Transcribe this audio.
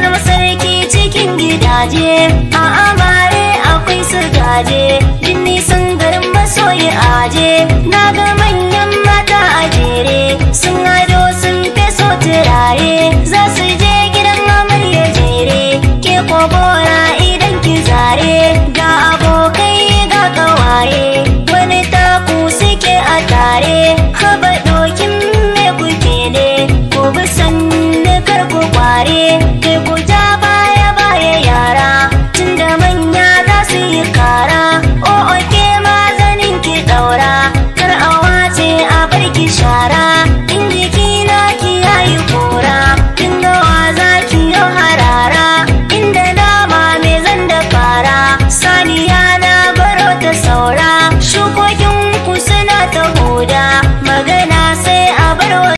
sarki cikin gidaje a amare akwai su gaje din sun garin masoyi aje na ga manyan mata a jere sun ado sun feso turare za su je gidan mamar ya jere ke kogora idan ki zare ku ja baya baya yara tunda manya za su yi kara o oke ma zanin ki ɗaura, kar a wace a bar ki shara in jiki na ki yayi kora kin ga za ki yau harara inda dama me zan da fara saniya na baro ta saura shukokin suna ta huda magana sai a bar